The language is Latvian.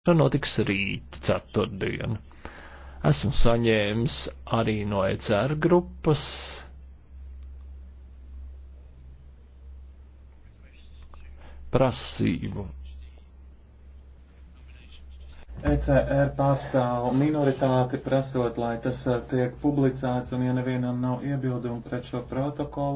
Tā nu, notiks rīt, ceturtdien. Esmu saņēmis arī no ECR grupas prasību. ECR pārstāv minoritāti prasot, lai tas eh, tiek publicēts, un ja nevienam nav iebildumi pret šo protokolu.